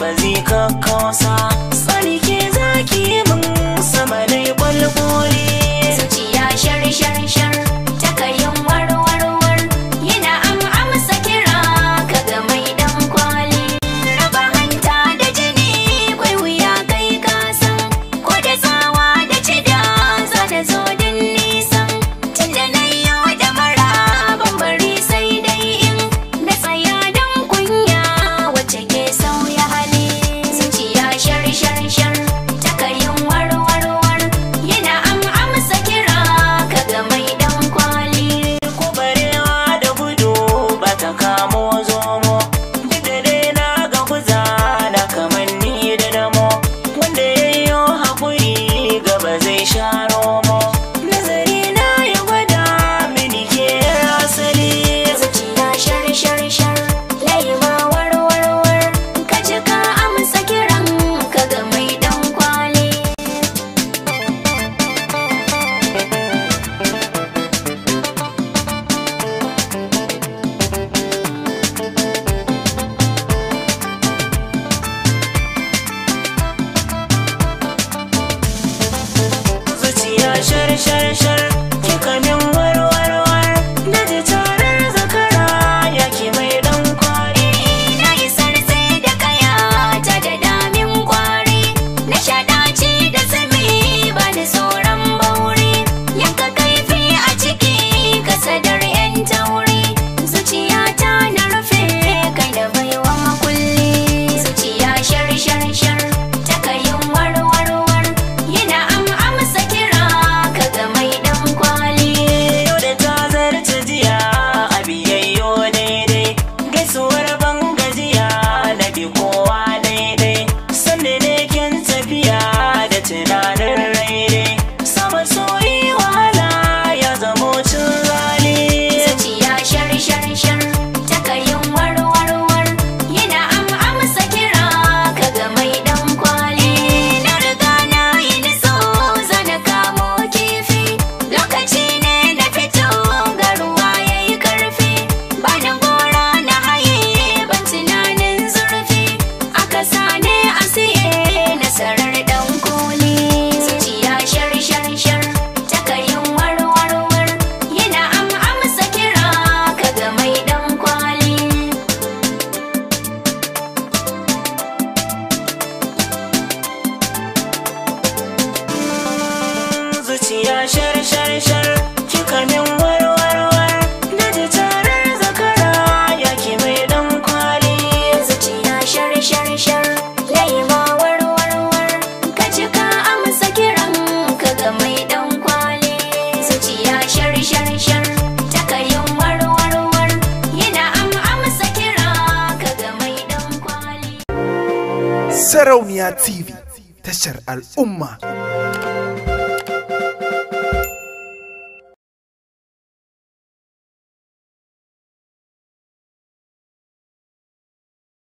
ba zai down shar shar shar kika war war war na ji tarar zakara ya ki mai dan kwali zuciya shar shar shar yayi ma war war war ka ji ka amsa kiran ka ga mai dan kwali zuciya shar shar shar Sarauniya TV tashar al'umma.